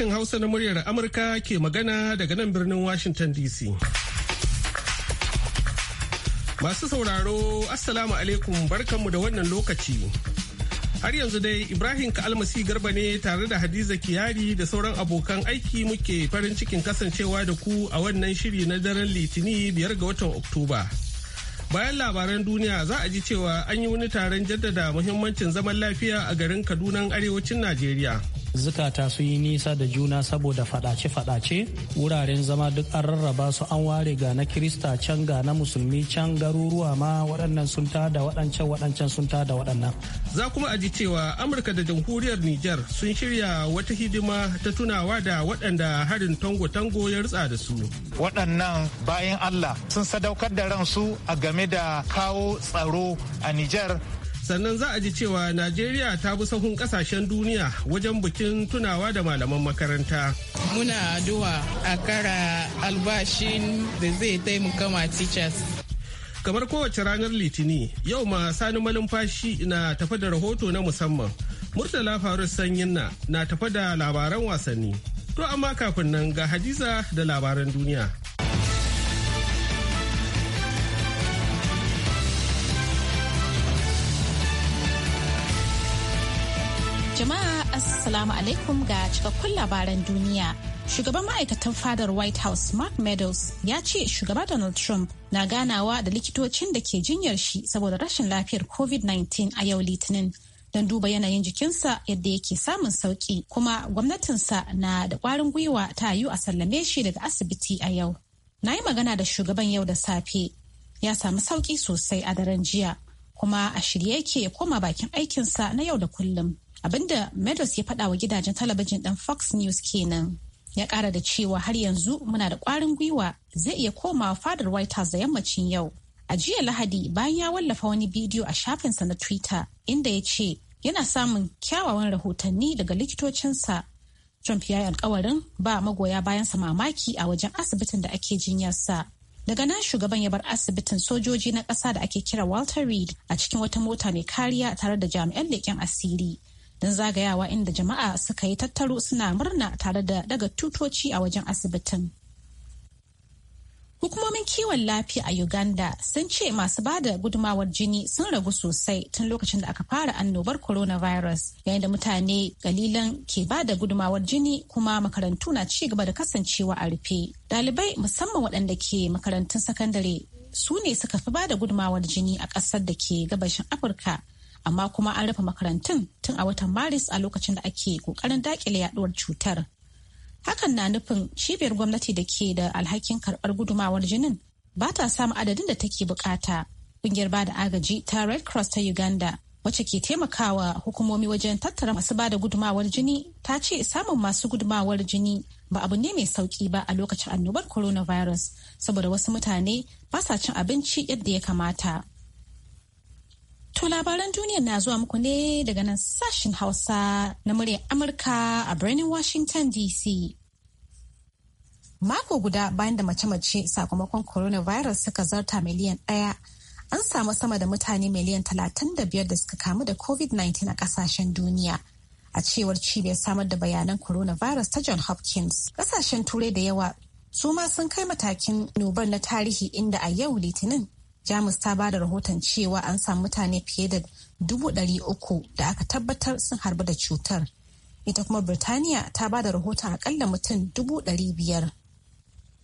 Sashen Hausa na muryar Amurka ke magana daga nan birnin Washington DC. Masu sauraro, Assalamu alaikum barkanmu da wannan lokaci. Har yanzu dai Ibrahim Ka'almasi Garba ne tare da Hadiza Kiyari da sauran abokan aiki muke farin cikin kasancewa da ku a wannan shiri na daren Litini biyar ga watan Oktoba. Bayan labaran duniya za a ji cewa an yi wani taron jaddada muhimmancin zaman lafiya a garin Kaduna arewacin Najeriya. zukata su yi nisa da juna saboda fadace-fadace wuraren zama duk an rarraba su an ware ga na kirista can ga na musulmi can garuruwa ma waɗannan sun da waɗancan waɗancan sun da waɗannan za kuma a ji cewa amurka da jamhuriyar niger sun shirya wata hidima ta tunawa da waɗanda harin tango-tango ya rutsa da su waɗannan bayan allah sun sadaukar da ransu a game da kawo tsaro a niger sannan za a ji cewa najeriya ta bi sahun kasashen duniya wajen bikin tunawa da malaman makaranta muna addu'a a kara albashin da zai taimaka ma teachers kamar kowace ranar litini yau ma sani malumfashi na tafi da rahoto na musamman murtala Farus sanyin na na da labaran wasanni to amma kafin nan ga hadiza da labaran duniya assalamu alaikum ga cikakkun labaran duniya. Shugaban ma'aikatan fadar White House Mark Meadows ya ce shugaba Donald Trump na ganawa da likitocin da ke jinyar shi saboda rashin lafiyar COVID-19 a yau Litinin. don duba yanayin jikinsa yadda yake samun sauki kuma gwamnatinsa na da kwarin gwiwa ta yi a sallame shi daga asibiti a yau. Na yi magana da shugaban yau da safe ya samu sauki sosai a daren jiya kuma a shirye yake ya koma bakin aikinsa na yau da kullum. abinda meadows ya faɗa wa gidajen talabijin ɗin fox news kenan ya ƙara da cewa har yanzu muna da ƙwarin gwiwa zai iya komawa fadar white house da yammacin yau a jiya lahadi bayan ya wallafa wani bidiyo a shafinsa na twitter inda ya ce yana samun kyawawan rahotanni daga likitocinsa trump ya yi alkawarin ba magoya bayansa mamaki a wajen asibitin da ake jinyarsa daga nan shugaban ya bar asibitin sojoji na ƙasa da ake kira walter reed a cikin wata mota mai kariya tare da jami'an leƙen asiri don zagayawa inda jama'a suka yi tattaro suna murna tare da daga tutoci a wajen asibitin. Hukumomin kiwon lafiya a Uganda sun ce masu ba da gudumawar jini sun ragu sosai tun lokacin da aka fara annobar coronavirus yayin da mutane galilan ke bada da gudumawar jini kuma makarantu na ci gaba da kasancewa a rufe. Dalibai musamman waɗanda ke makarantun sakandare su ne suka fi ba da gudumawar jini a ƙasar da ke gabashin Afirka amma kuma an rufe makarantun tun a watan maris a lokacin da ake kokarin dakile yaduwar cutar hakan na nufin cibiyar gwamnati da ke da alhakin karbar gudumawar jinin ba ta samun adadin da take bukata kungiyar ba da agaji ta red cross ta uganda wacce ke taimakawa hukumomi wajen tattara masu ba da gudumawar jini ta ce samun masu gudumawar jini ba abu ne mai sauki ba a lokacin annobar coronavirus saboda wasu mutane ba sa cin abinci yadda ya kamata To labaran duniya na zuwa muku ne daga nan sashen Hausa na muryar Amurka a birnin Washington DC. Mako guda bayan da mace-mace sakamakon coronavirus suka zarta miliyan ɗaya, an samu sama da mutane miliyan talatin da biyar da suka kamu da COVID-19 a kasashen duniya. A cewar cibiyar samar da bayanan coronavirus ta John Hopkins, kasashen turai da yawa su ma sun kai matakin nubar na tarihi inda a yau litinin jamus ta ba da rahoton cewa an samu mutane fiye da dubu ɗari uku da aka tabbatar sun harbu da cutar ita kuma birtaniya ta ba da rahoton akalla mutum dubu ɗari biyar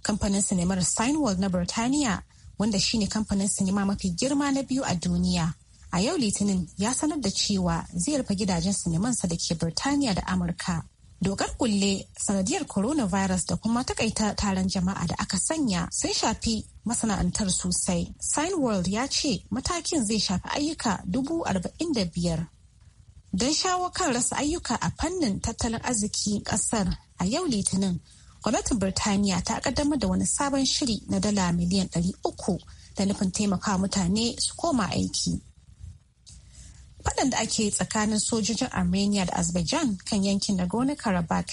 kamfanin sinimar steinwald na birtaniya wanda shine kamfanin sinima mafi girma na biyu a duniya a yau litinin ya sanar da cewa zai rufe gidajen sinimansa da ke birtaniya da amurka Dokar kulle sanadiyar coronavirus da kuma takaita taron jama'a da aka sanya sun shafi masana'antar sosai. Sign World ya ce matakin zai shafi ayyuka dubu arba'in da biyar. Don shawo kan rasa ayyuka a fannin tattalin arziki ƙasar a yau Litinin, gwamnatin Birtaniya ta kaddamar da wani sabon shiri na dala miliyan ɗari uku da nufin taimaka mutane su koma aiki. faɗan da ake tsakanin sojojin armenia da azerbaijan kan yankin nagorno karabakh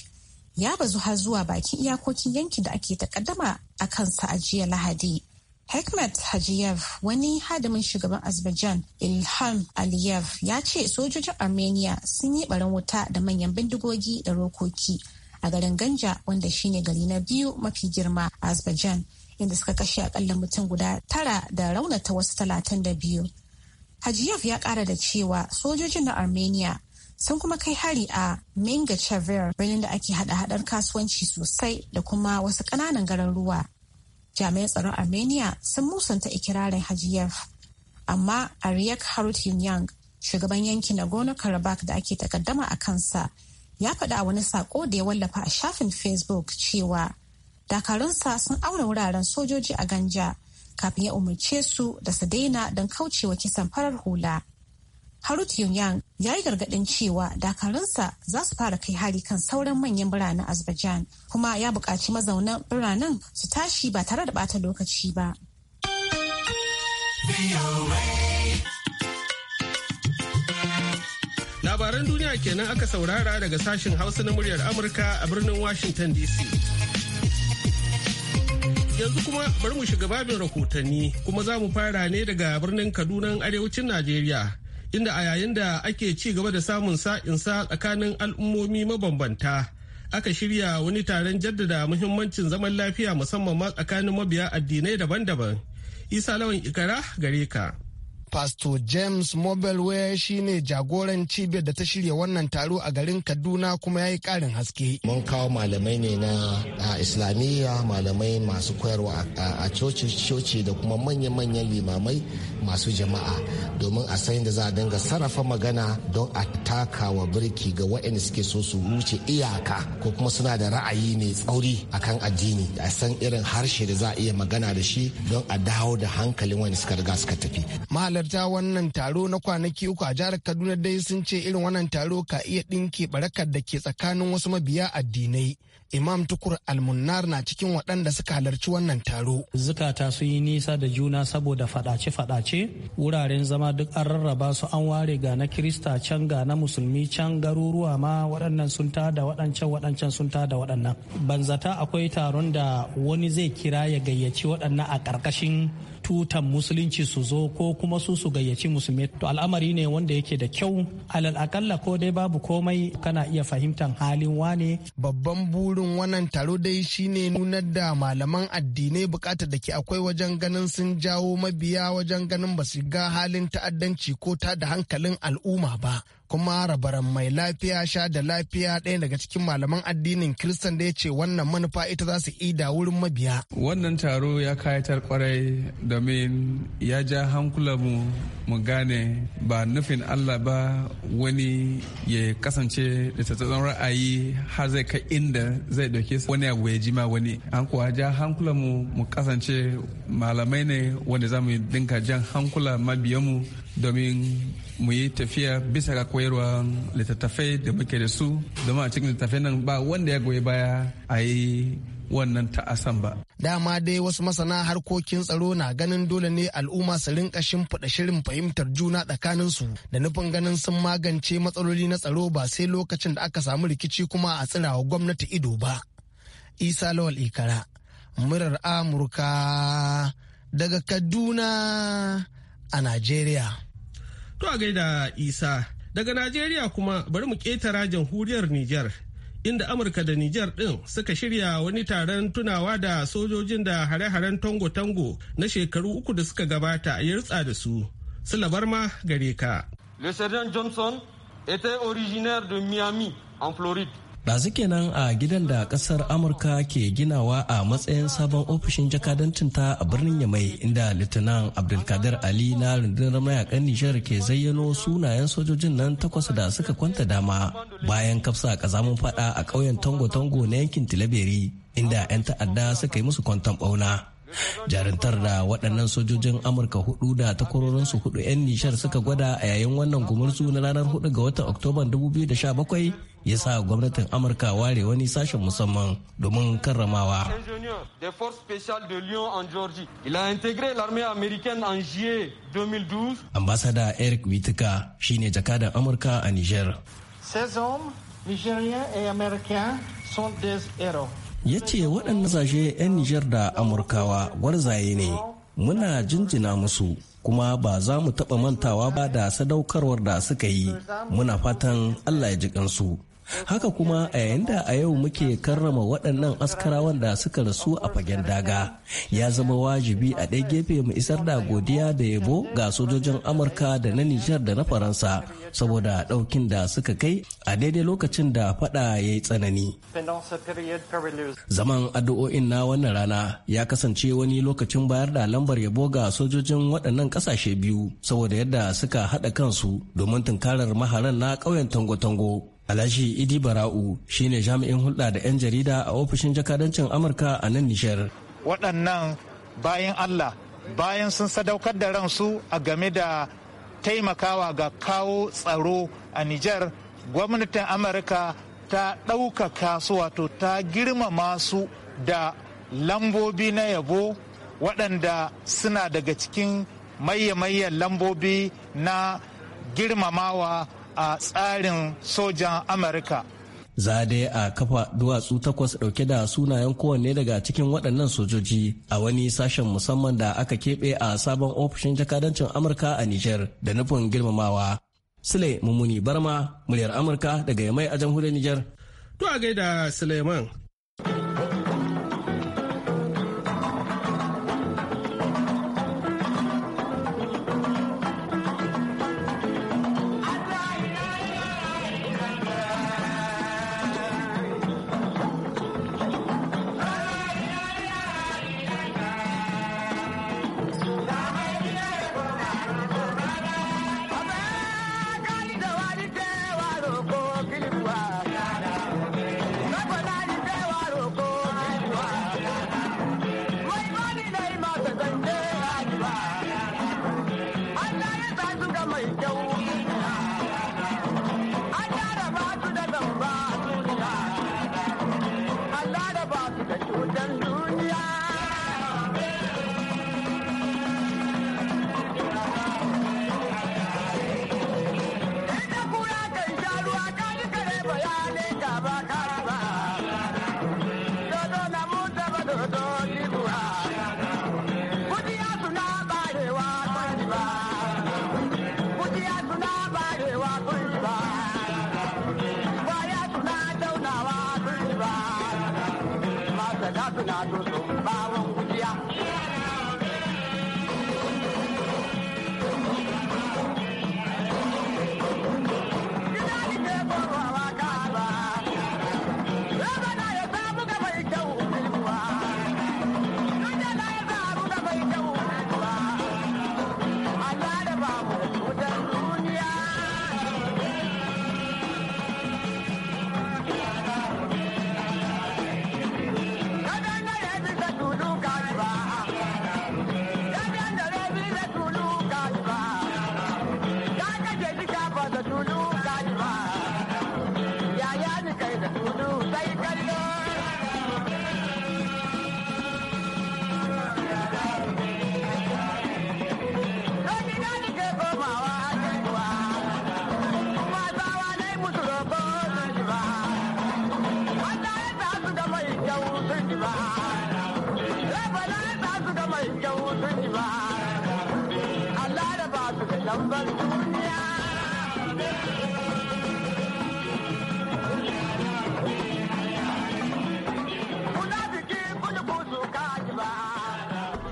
ya bazu har zuwa bakin iyakokin yankin da ake takaddama a kansa a jiya lahadi Hekmat Hajiyev wani hadimin shugaban Azerbaijan Ilham Aliyev ya ce sojojin Armenia sun yi barin wuta da manyan bindigogi da rokoki a garin Ganja wanda shine gari na biyu mafi girma a Azerbaijan inda suka kashe akalla mutum guda tara da raunata wasu talatin da biyu. hajiyev ya kara da cewa sojojin na Armenia sun kuma kai hari a Mingachever birnin da ake hada-hadar kasuwanci sosai da kuma wasu ƙananan garuruwa. Jami'an tsaron Armenia sun musanta ikirarin Hajiyev. Amma Ariyak Harutin Yang, shugaban yankin Nagorno-Karabakh da ake takaddama a kansa, ya faɗa wani sako da ya wallafa a shafin Facebook cewa dakarunsa sun auna wuraren sojoji a Ganja kafin ya umarce su da su daina don kaucewa kisan farar hula. Harut Yunyang ya yi gargaɗin cewa dakarunsa za su fara kai hari kan sauran manyan biranen Azerbaijan kuma ya buƙaci mazaunan biranen su tashi ba tare da ɓata lokaci ba. Labaran duniya kenan aka saurara daga sashin Hausa na muryar Amurka a birnin Washington DC. yanzu kuma bari mu shiga babin rahotanni kuma za mu fara ne daga birnin kaduna arewacin najeriya inda a yayin da ake ci gaba da samun sa-in-sa tsakanin al'ummomi mabambanta aka shirya wani taron jaddada muhimmancin zaman lafiya musamman ma tsakanin mabiya addinai daban-daban isa lawan ikara gare ka Pastor James shi shine jagoran cibiyar da ta shirya wannan taro a garin Kaduna kuma ya yi ƙarin haske. Mun kawo malamai ne na Islamiyya, malamai masu koyarwa a coci-coci da kuma manya-manyan limamai masu jama'a domin a san da za a dinga sarrafa magana don a takawa birki ga waɗanda suke so su wuce iyaka ko kuma suna da ra'ayi mai tsauri akan addini a san irin harshe da za a iya magana da shi don a dawo da hankalin wani suka riga suka tafi. Malam Mahalarta wannan taro na kwanaki uku a jihar Kaduna dai sun ce irin wannan taro ka iya ɗinke barakar da ke tsakanin wasu mabiya addinai. Imam Tukur Almunnar na cikin waɗanda suka halarci wannan taro. Zukata su yi nisa da juna saboda fadace-fadace wuraren zama duk an rarraba su an ware ga na Kirista can ga na Musulmi can garuruwa ma waɗannan sun ta da waɗancan waɗancan sun ta da waɗannan. Banzata akwai taron da wani zai kira ya gayyaci waɗannan a ƙarƙashin tutan musulunci su zo ko kuma su su gayyaci musulmi to al'amari ne wanda yake da kyau alal akalla ko dai babu komai kana iya fahimtar halin wane babban burin wannan taro dai shine nunar da malaman addinai bukatar da ke akwai wajen ganin sun jawo mabiya wajen ganin basu su ga halin ta'addanci ko ta da hankalin al'umma ba kuma rabaran mai lafiya sha da lafiya ɗaya daga cikin malaman addinin kiristan da ya ce wannan manufa ita za su ida wurin mabiya wannan taro ya kayatar kwarai domin ya ja hankulanmu mu gane ba nufin allah ba wani ya kasance da tattalin ra'ayi har zai kai inda zai dauke wani abu ya jima wani an kuwa ja hankulanmu mu kasance malamai ne wanda za mu dinka jan hankula mu. domin mu yi tafiya bisa ga koyarwa littattafai da muke da su domin a cikin littattafai nan ba wanda ya goyi baya a yi wannan ta'asan ba. Dama dai wasu masana harkokin tsaro na ganin dole ne al'umma su rinka shimfiɗa shirin fahimtar juna tsakanin su da nufin ganin sun magance matsaloli na tsaro ba sai lokacin da aka samu rikici kuma a tsira wa gwamnati ido ba. Isa Lawal Ikara, murar Amurka daga Kaduna a Najeriya. To a gaida Isa, daga Najeriya kuma bari mu ƙetara jamhuriyar Nijar. Inda Amurka da Nijar ɗin suka shirya wani taron tunawa da sojojin da hare-haren tango-tango na shekaru uku da suka gabata a yartsa da su. Silabar ma gare ka. Le Sergeant Johnson était originaire de Miami, en Floride. Ɗazu kenan a gidan da ƙasar Amurka ke ginawa a matsayin sabon ofishin ta a birnin Yamai inda Litinin Abdulkadir Ali na rundunar mayakan Nijar ke zayyano sunayen sojojin nan takwas da suka kwanta dama bayan kafsa kazamun fada a ƙauyen Tango-Tango na yankin Tilaberi inda 'yan ta'adda suka yi musu kwantan ɓauna. jarintar da waɗannan sojojin amurka hudu da takwarorinsu hudu 'yan nishar suka gwada a yayin wannan gumurzu na ranar hudu ga watan oktoba 2017 ya sa gwamnatin amurka ware wani sashen musamman domin karramawa ambasada eric witika shine jakadan amurka a niger ya ce waɗannan sashe 'yan niger da amurkawa gwarzaye ne muna jinjina musu kuma ba za mu taɓa mantawa ba da sadaukarwar da suka yi muna fatan allah ya ji kansu haka kuma a yayin da a yau muke karrama waɗannan askarawan da suka rasu a fagen daga ya zama wajibi a ɗaya gefe mu isar da godiya da yabo ga sojojin amurka da na nijar da na faransa saboda ɗaukin da suka kai a daidai lokacin da faɗa ya yi tsanani zaman addu'o'in na wannan rana ya kasance wani lokacin bayar da lambar yabo ga sojojin waɗannan ƙasashe biyu saboda yadda suka haɗa kansu domin tunkarar maharan na ƙauyen tango-tango Alhaji Idi Bara'u shine jami'in hulɗa da 'yan jarida a ofishin jakadancin Amurka a nan Nijar. Waɗannan bayan Allah bayan sun sadaukar da ransu a game da taimakawa ga kawo tsaro a Nijar, gwamnatin Amurka ta ɗaukaka su wato ta girmama su da lambobi na yabo waɗanda suna daga cikin maye-mayen lambobi na girmamawa a tsarin sojan amurka za a kafa duwatsu takwas ɗauke da sunayen kowanne daga cikin waɗannan sojoji a wani sashen musamman da aka keɓe a sabon ofishin jakadancin amurka a niger da nufin girmamawa sule mummuni barma muryar amurka daga yamai a jamhuriyar niger to a gaida suleiman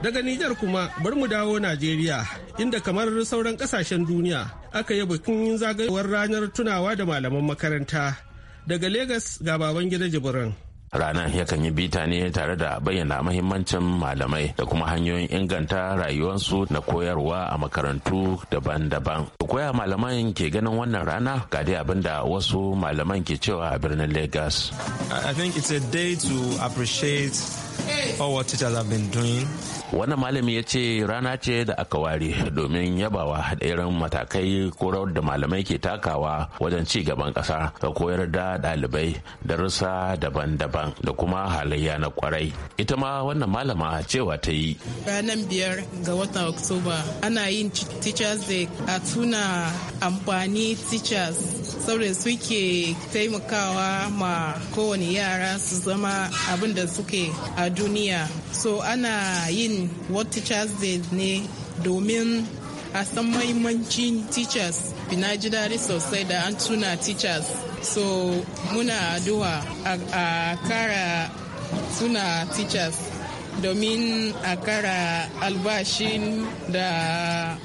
Daga Nijar kuma bari mu dawo Najeriya inda kamar sauran kasashen duniya aka yi bikin zagayowar ranar tunawa da malaman makaranta. Daga Legas ga baban gida ranar yakan yi bita ne tare da bayyana mahimmancin malamai da kuma hanyoyin inganta rayuwarsu na koyarwa a makarantu daban-daban. koya malaman ke ganin wannan rana ga dai abin da wasu malaman ke cewa a birnin Legas. I think it's a day to appreciate all what teachers have been doing wannan malami ya ce rana ce da aka ware domin yabawa da irin matakai ko rawar da malamai ke takawa wajen ci gaban ƙasa ga koyar da ɗalibai darussa daban-daban da kuma halayya na kwarai ita ma wannan malama cewa ta yi ranar biyar ga watan oktoba ana yin teachers day a tuna amfani teachers saboda suke taimakawa ma kowane yara su zama abin da suke a duniya so ana yin yin World Teachers Day ne domin a san mahimmancin teachers binajidari sosai da an tuna teachers so muna addu'a a kara tuna teachers domin a kara albashin da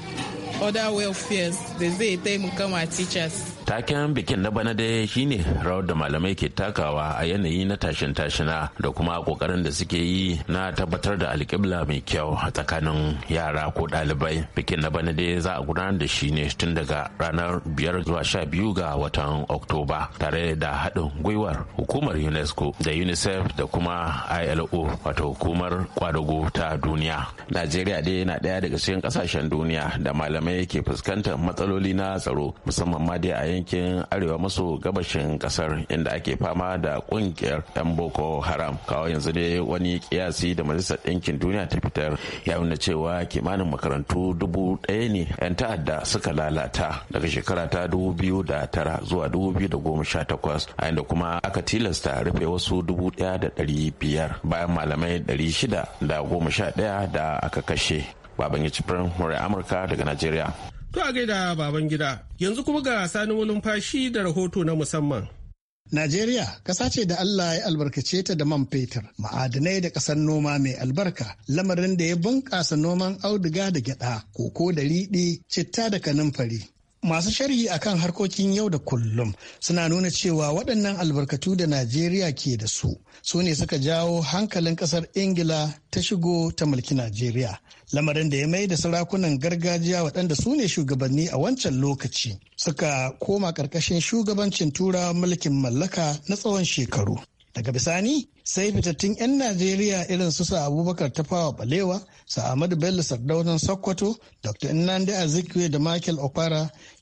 other welfares da zai taimaka ma teachers taken bikin na bana dai shine rawar da malamai ke takawa a yanayi na tashin tashina da kuma kokarin da suke yi na tabbatar da alƙibla mai kyau a tsakanin yara ko ɗalibai bikin na bana dai za a gudanar da shi ne tun daga ranar biyar zuwa sha biyu ga watan oktoba tare da haɗin gwiwar hukumar unesco da unicef da kuma ilo wato hukumar kwadago ta duniya najeriya dai na ɗaya daga cikin ƙasashen duniya da malamai ke fuskantar matsaloli na tsaro musamman ma dai a yankin arewa maso gabashin kasar inda ake fama da kungiyar 'yan boko haram kawo yanzu ne wani kiyasi da majalisar ɗinkin duniya ta fitar ya nuna cewa kimanin makarantu dubu ɗaya ne 'yan ta'adda suka lalata daga shekara ta dubu biyu da tara zuwa dubu biyu da goma sha takwas a inda kuma aka tilasta rufe wasu dubu ɗaya da ɗari biyar bayan malamai ɗari shida da goma sha ɗaya da aka kashe baban ya murai amurka daga najeriya To a gaida baban gida, yanzu kuma ga sani numfashi da rahoto na musamman. Najeriya ƙasa ce da Allah ya albarkace ta da man fetur, ma'adanai da ƙasar noma mai albarka, lamarin da ya bunƙasa noman auduga da gyada, koko da riɗi, citta da kanumfari. masu sharhi a kan harkokin yau da kullum suna nuna cewa waɗannan albarkatu da najeriya ke da su su ne suka jawo hankalin ƙasar ingila ta shigo ta mulki najeriya lamarin da ya mai da sarakunan gargajiya waɗanda su ne shugabanni a wancan lokaci suka koma ƙarƙashin shugabancin turawa mulkin mallaka na tsawon shekaru daga bisani sai fitattun 'yan najeriya irin su sa abubakar tafawa balewa sa ahmadu bello sardaunan sokoto dr nnamdi azikiwe da michael opara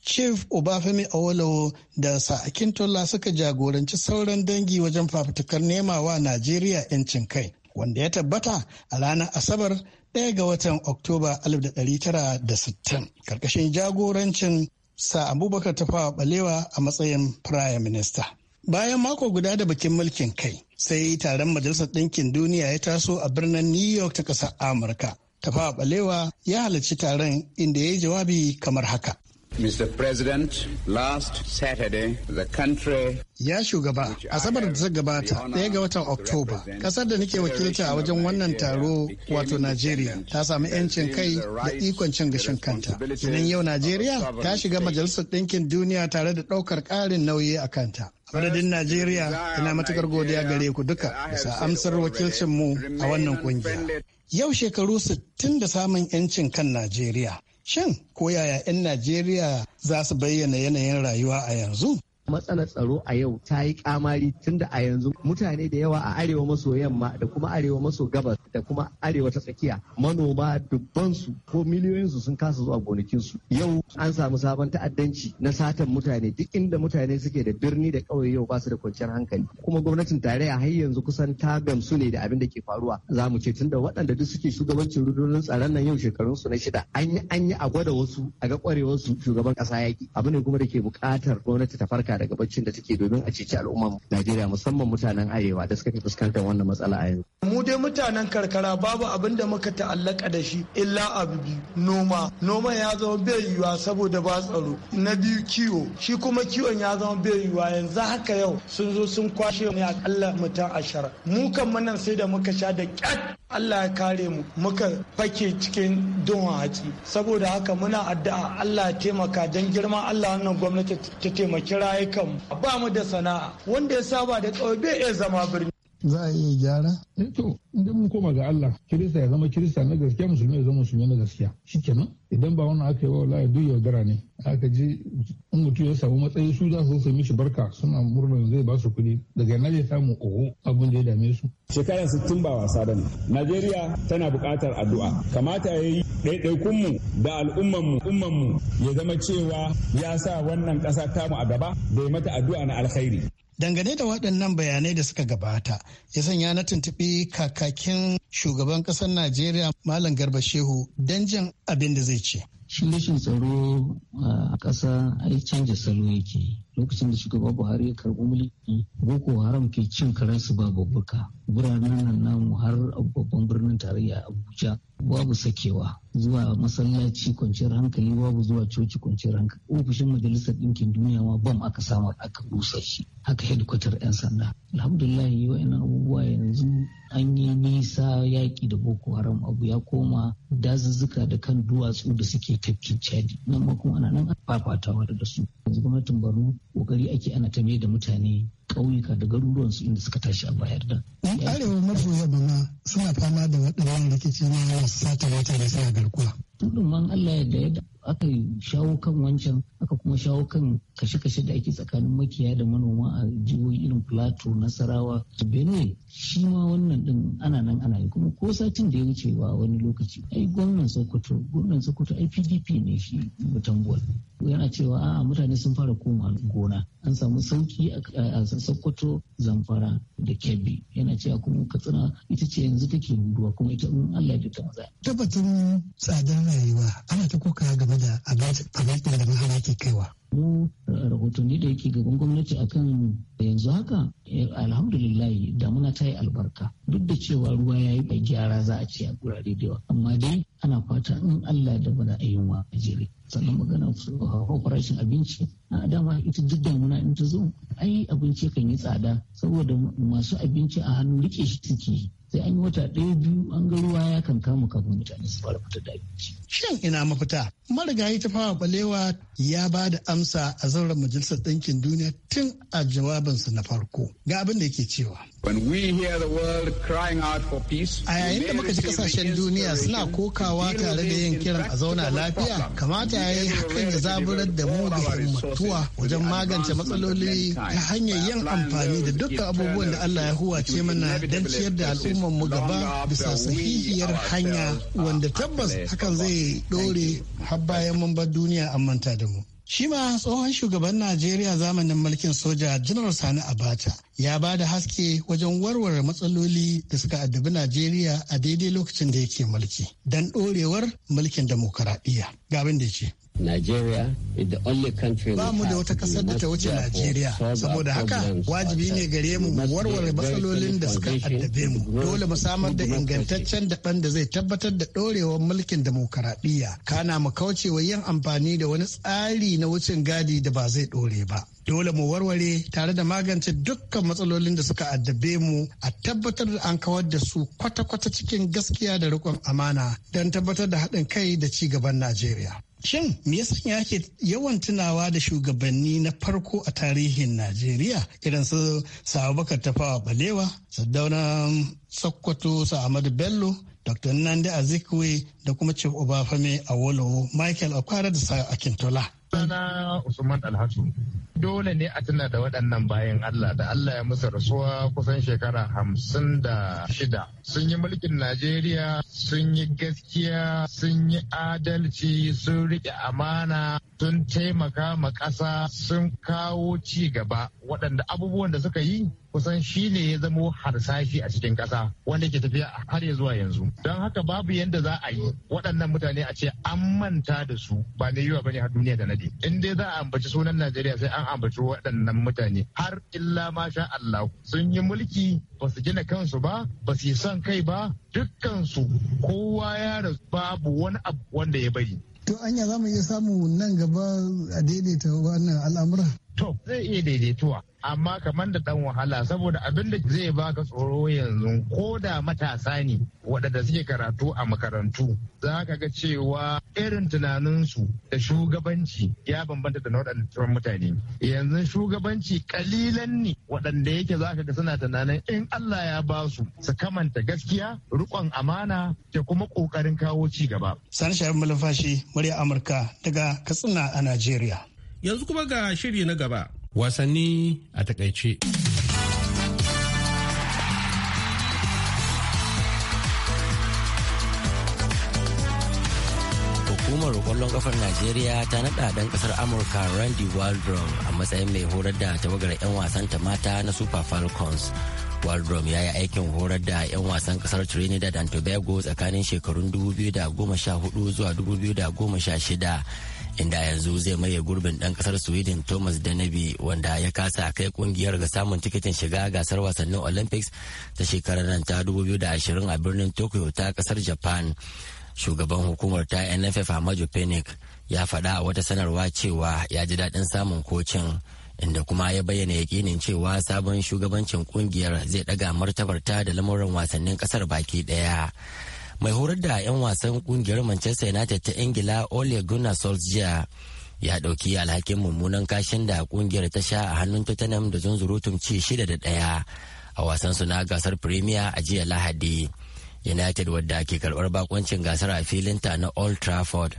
chief obafemi awolowo da sa akintola suka jagoranci sauran dangi wajen fafutukar nemawa najeriya 'yancin kai wanda ya tabbata a ranar asabar ɗaya ga watan oktoba 1960 karkashin jagorancin sa abubakar tafawa balewa a matsayin prime minister Bayan mako guda da bikin mulkin kai, sai taron Majalisar Ɗinkin Duniya ya taso a birnin New York ta ƙasar Amurka. Tafawa Balewa ya halarci taron inda ya yi jawabi kamar haka. Mr. President, last Saturday, the country Ya shugaba, Asabar da ta gabata ɗaya ga watan Oktoba, ƙasar da nake wakilta a wajen wannan taro wato Najeriya ta sami 'yancin kai da ikon cin gashin kanta. Idan yau Najeriya ta shiga Majalisar Ɗinkin Duniya tare da ɗaukar ƙarin nauyi a kanta. madadin Najeriya ina matukar godiya gare ku duka da bisa amsar wakilcinmu a wannan kungiya. Yau shekaru sittin da samun 'yancin kan Najeriya. Shin ko yaya 'yan Najeriya za su bayyana yanayin rayuwa a yanzu? matsalar tsaro a yau ta yi kamari tunda a yanzu mutane da yawa a arewa maso yamma da kuma arewa maso gabas da kuma arewa ta tsakiya manoma dubbansu ko miliyoyinsu sun kasa zuwa gonakinsu yau an samu sabon ta'addanci na satan mutane duk inda mutane suke da birni da ƙauye yau ba su da kwanciyar hankali kuma gwamnatin tarayya har yanzu kusan ta gamsu ne da abin da ke faruwa za mu ce tunda waɗanda duk suke shugabancin rundunar tsaron nan yau shekarun su na shida an yi an a gwada wasu a ga kwarewar shugaban ƙasa yaki. abu ne kuma da ke buƙatar gwamnati ta farka daga baccin da take domin a ceci al'umman Najeriya musamman mutanen Arewa da suka fi fuskantar wannan matsala a yanzu. Mu dai mutanen karkara babu abin da muka ta'allaka da shi illa abu biyu noma noma ya zama bai yiwuwa saboda ba tsaro na biyu kiwo shi kuma kiwon ya zama bai yiwuwa yanzu haka yau sun zo sun kwashe ne akalla mutum ashirin mu kan manan sai da muka sha da kyat Allah ya kare mu muka fake cikin don hatsi saboda haka muna addu'a Allah ya taimaka don girman Allah wannan gwamnati ta taimaki rayukan ba mu da sana'a wanda ya saba da tsawo bai iya zama birni za a iya gyara? Eh to, inda mun koma ga Allah, Kirista ya zama Kirista na gaskiya, musulmi ya zama musulmi na gaskiya. shi kenan idan ba wani aka yi wa wala duk yaudara ne. Aka ji in mutum ya samu matsayi su za su sai mishi barka suna murnar zai ba su kuɗi. Daga yana zai samu oho abin da ya dame su. Shekarar sittin ba wasa bane. Najeriya tana bukatar addu'a. Kamata ya yi ɗaiɗaikunmu da al'ummanmu ummanmu ya zama cewa ya sa wannan ƙasa tamu a gaba bai mata addu'a na alkhairi. Dangane da waɗannan bayanai da suka gabata, ya sanya na tuntuɓi kakakin shugaban ƙasar Najeriya Malam Garba Shehu don jin abin da zai ce. Shi rashin tsaro uh, a ƙasa ai canja salo yake. lokacin da shugaba buhari ya karbi mulki boko haram ke cin karensu ba babbuka biranen nan namu har babban birnin tarayya abuja babu sakewa zuwa masallaci kwanciyar hankali babu zuwa coci kwanciyar hankali ofishin majalisar ɗinkin duniya ma bam aka samu aka rusa shi haka hedkwatar 'yan sanda alhamdulillahi wa'annan abubuwa yanzu an yi nisa yaƙi da boko haram abu ya koma dazuzzuka da kan duwatsu da suke tafkin cadi nan ma kuma ana nan fafatawa da su yanzu gwamnatin borno kokari ake ana ta da mutane ƙauyuka da garuruwan su inda suka tashi a bayar da. Yan arewa maso yamma suna fama da waɗannan rikici na sata da suna garkuwa. tudun man Allah da yadda aka shawo kan wancan aka kuma shawo kan kashe-kashe da ake tsakanin makiya da manoma a jihohi irin plateau nasarawa benue shi ma wannan din ana nan ana yi kuma ko satin da ya wuce wa wani lokaci ai gwamnan sokoto gwamnan sokoto ai pdp ne shi mutanguwal yana cewa a mutane sun fara koma gona an samu sauki a sokoto zamfara da kebbi yana cewa kuma katsina ita ce yanzu take ruwa kuma ita in allah da ta maza tsadan rayuwa ana ta kuka game da abin da mahala ke kaiwa. mu eh, rahotanni da yake gaban gwamnati akan yanzu haka eh, alhamdulillahi damuna ta yi albarka duk da cewa ruwa ya yi mai gyara za a ce a gurare da yawa amma dai ana fata in allah da bana a yunwa a jere sannan magana farashin eh, abinci a dama ita duk damuna in ta zo ai abinci kan yi tsada saboda masu abinci a hannu rike shi suke sai an yi wata ɗaya biyu an ga ruwa ya kan kama kafin mutane su fara fitar da abinci shin ina mafita marigayi ta fawa balewa ya ba da amsa a zauren majalisar ɗinkin duniya tun a jawabinsa na farko ga abin da yake cewa a yayin da muka ji kasashen duniya suna kokawa tare da yin kiran a zauna lafiya kamata ya yi hakan ya zaburar da mu da himmatuwa wajen magance matsaloli ta hanyar yin amfani da dukkan abubuwan da allah ya huwace mana don ciyar da mu gaba bisa sahihiyar hanya wanda tabbas hakan zai zai dore har bayan mun bar duniya an manta da mu Shi ma tsohon shugaban Najeriya zamanin mulkin soja Janar Sani Abacha ya ba da haske wajen warware matsaloli da suka addabi Najeriya a daidai lokacin da yake mulki don ɗorewar mulkin demokuraɗiyya. Gabin da ce. Nigeria is the only country ba mu da wata kasar da ta wuce Najeriya saboda haka wajibi ne gare mu mu warware matsalolin da suka addabe mu dole mu samar da ingantaccen daban da zai tabbatar da dorewar mulkin demokaradiyya kana mu kaucewa yin amfani da wani tsari na wucin gadi da ba zai dore ba dole mu warware tare da magance dukkan matsalolin da suka addabe mu a tabbatar da an kawar da su kwata-kwata cikin gaskiya da riƙon amana don tabbatar da haɗin kai da ci gaban Najeriya. Shin me yasa yake yawan tunawa da shugabanni na farko a tarihin Najeriya irin su Sabubakar Tafawa Balewa, Saddauna Sokoto Ahmadu Bello, Dr. Nnamdi Azikiwe da kuma Chief Obafemi Awolowo, Michael Okwara da Sayo Akintola. Sana Usman Alhassu dole ne a tuna da waɗannan bayan Allah da Allah ya musu rasuwa kusan shekara hamsin da shida. Sun yi mulkin Najeriya, sun yi gaskiya, sun yi adalci, sun riƙe amana, sun taimaka ma ƙasa, sun kawo ci gaba waɗanda abubuwan da suka yi kusan shi ne ya zamo harsashi a cikin ƙasa wanda ke tafiya har ya zuwa yanzu don haka babu yadda za a yi waɗannan mutane a ce an manta da su ba ne yiwa bane har duniya da nadi in dai za a ambaci sunan najeriya sai an ambaci waɗannan mutane har illa ma sha allah sun yi mulki ba su gina kansu ba ba su yi son kai ba dukkansu kowa ya rasu babu wani abu wanda ya bari To anya za mu iya samu nan gaba a daidaita wannan al'amura? To zai iya daidaituwa. amma kamar da dan wahala saboda abin da zai baka tsoro yanzu ko da matasa ne waɗanda suke karatu a makarantu za ka ga cewa irin tunaninsu da shugabanci ya bambanta da na mutane yanzu shugabanci kalilan ne waɗanda yake za ka ga suna tunanin in Allah ya ba su su kamanta gaskiya rikon amana da kuma ƙoƙarin kawo ci gaba. Sani Sharif murya Amurka daga Katsina a Najeriya. Yanzu kuma ga shiri na gaba. wasanni a takaice. hukumar kwallon kafar najeriya ta nada dan kasar amurka randy waldron a matsayin mai horar da tawagar 'yan wasanta mata na super falcons waldrom ya yi aikin horar da 'yan wasan kasar trinidad and tobago tsakanin shekarun 2014 zuwa 2016 inda yanzu zai maye gurbin dan kasar sweden thomas danabi wanda ya kasa kai kungiyar ga samun tikitin shiga gasar wasannin olympics ta shekarar nan ta 2020 a birnin tokyo ta kasar japan shugaban hukumar ta nff hamadu ya faɗa a wata sanarwa cewa ya ji daɗin samun kocin. inda kuma ya bayyana yakinin cewa sabon shugabancin kungiyar zai daga martabarta da lamuran wasannin kasar baki daya mai horar da 'yan wasan kungiyar manchester united ta ingila ole gunnar solskjaer ya ɗauki alhakin mummunan kashin da kungiyar ta sha a hannun tottenham da zunzurutun ci shida da ɗaya a wasan su na gasar premier a jiya lahadi united wadda ke karbar bakoncin gasar a filinta na old trafford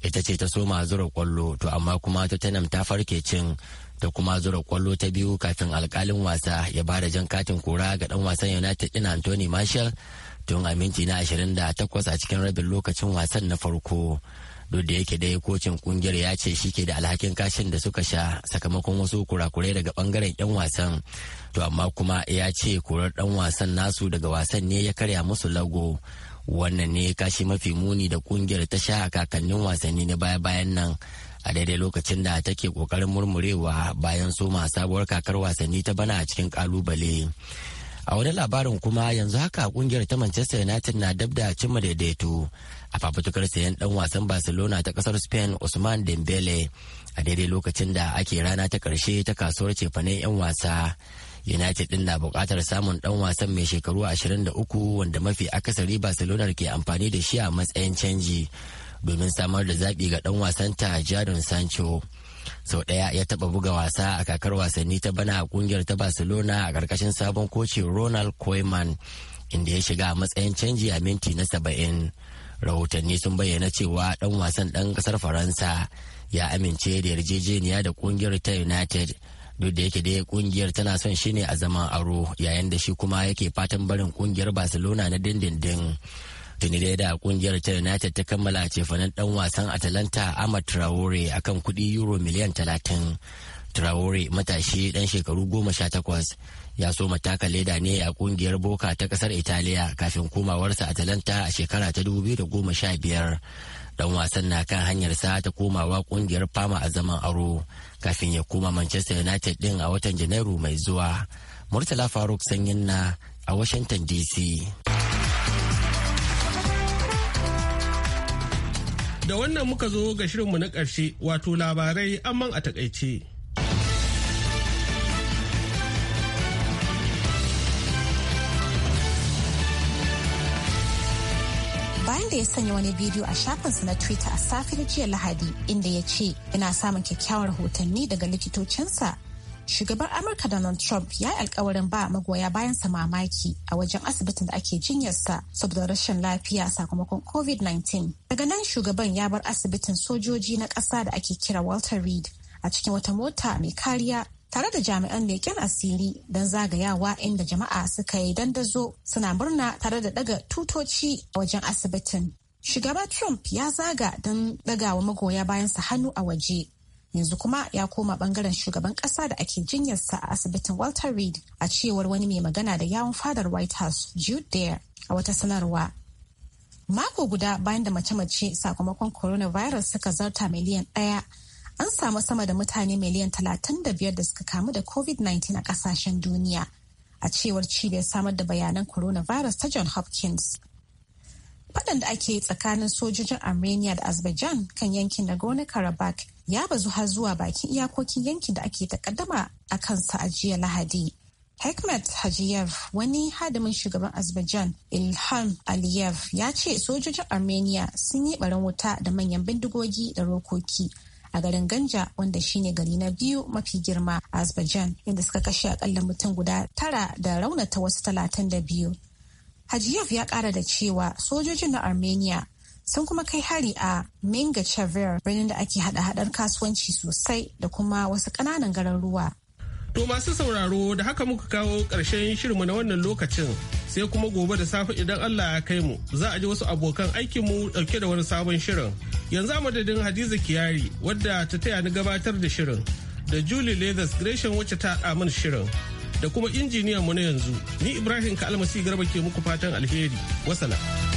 ita ce ta soma zura kwallo to amma kuma tottenham ta farke cin ta kuma zura kwallo ta biyu kafin alkalin wasa ya ba da jan katin kura ga dan wasan united din anthony marshall tun a minti na 28 a cikin rabin lokacin wasan na farko duk da yake dai kocin kungiyar ya ce shi ke da alhakin kashin da suka sha sakamakon wasu kurakurai daga bangaren 'yan wasan to amma kuma ya ce kurar dan wasan nasu daga wasan ne ya karya musu lago wannan ne kashi mafi muni da kungiyar ta sha a kakannin wasanni na baya-bayan nan a daidai lokacin da take kokarin murmurewa bayan soma sabuwar kakar wasanni ta bana a cikin kalubale a wani labarin kuma yanzu haka kungiyar ta manchester united na dab da cimma daidaito a fafutukar sayan dan wasan barcelona ta kasar spain usman dembele a daidai lokacin da ake rana ta karshe ta kasuwar cefanen 'yan wasa united din na bukatar samun dan wasan mai shekaru 23 wanda mafi akasari barcelona ke amfani da shi a matsayin canji domin samar da zaɓi ga ɗan wasan ta jadon sancho sau ɗaya ya taɓa buga wasa a kakar wasanni ta bana a ƙungiyar ta barcelona a ƙarƙashin sabon koci ronald koeman inda ya shiga a matsayin canji a minti na saba'in rahotanni sun bayyana cewa ɗan wasan ɗan ƙasar faransa ya amince da yarjejeniya da ƙungiyar ta united duk da yake dai ƙungiyar tana son shine ne a zaman aro yayin da shi kuma yake fatan barin ƙungiyar barcelona na dindindin tuni dai da kungiyar ta united ta kammala cefanen dan wasan atalanta ahmad traore akan kudi euro miliyan 30 traore matashi dan shekaru goma sha takwas ya so mataka leda ne a kungiyar boka ta kasar italiya kafin komawarsa atalanta a shekara ta 2015 dan wasan na kan hanyarsa ta komawa kungiyar fama a zaman aro kafin ya koma manchester united din a watan janairu mai zuwa murtala faruk sanyin na a washington dc Da wannan muka zo ga shirinmu na ƙarshe wato labarai amman a takaice. bayan da ya sanya wani bidiyo a shafinsa na twitter a safiyar jiya lahadi inda ya ce ina samun kyakkyawar hotanni daga likitocinsa shugaban amurka donald trump ya yi alkawarin ba magoya bayansa mamaki a wajen asibitin da ake jinyarsa saboda rashin lafiya sakamakon covid-19 daga nan shugaban ya bar asibitin sojoji na ƙasa da ake kira walter reed a cikin wata mota mai kariya tare da jami'an leƙen asiri don zagayawa inda jama'a suka yi dandazo suna murna tare da daga tutoci a wajen asibitin shugaba trump ya zaga don dagawa magoya bayansa hannu a waje yanzu kuma ya koma bangaren shugaban kasa da ake jinyarsa a asibitin walter reed a cewar wani mai magana da yawon fadar white house jude dare a wata sanarwa mako guda bayan da mace-mace sakamakon coronavirus suka zarta miliyan ɗaya an samu sama da mutane miliyan 35 da suka kamu da covid-19 a kasashen duniya a cewar cibiyar samar da bayanan coronavirus ta john hopkins faɗan da ake tsakanin sojojin armenia da azerbaijan kan yankin nagorno-karabakh ya bazu har zuwa bakin iyakokin yankin da ake takaddama a kansa a jiya lahadi Hikmet Hajiyev wani hadimin shugaban Azerbaijan Ilham Aliyev ya ce sojojin Armenia sun yi barin wuta da manyan bindigogi da rokoki a garin Ganja wanda shine gari na biyu mafi girma a Azerbaijan inda suka kashe akalla mutum guda tara da raunata wasu talatin da biyu. Hajiyev ya kara da cewa sojojin na Armenia sun kuma kai hari a Minga Chavir birnin da ake hada-hadar kasuwanci sosai da kuma wasu ƙananan garuruwa. To masu sauraro da haka muka kawo ƙarshen shirinmu na wannan lokacin sai kuma gobe da safe idan Allah ya kai mu za a ji wasu abokan aikinmu dauke da wani sabon shirin. Yanzu a madadin Hadiza Kiyari wadda ta taya ni gabatar da shirin da Julie Leathers Gresham wacce ta haɗa min shirin da kuma injiniyan mu na yanzu ni Ibrahim Kalmasi Garba ke muku fatan alheri. Wasala.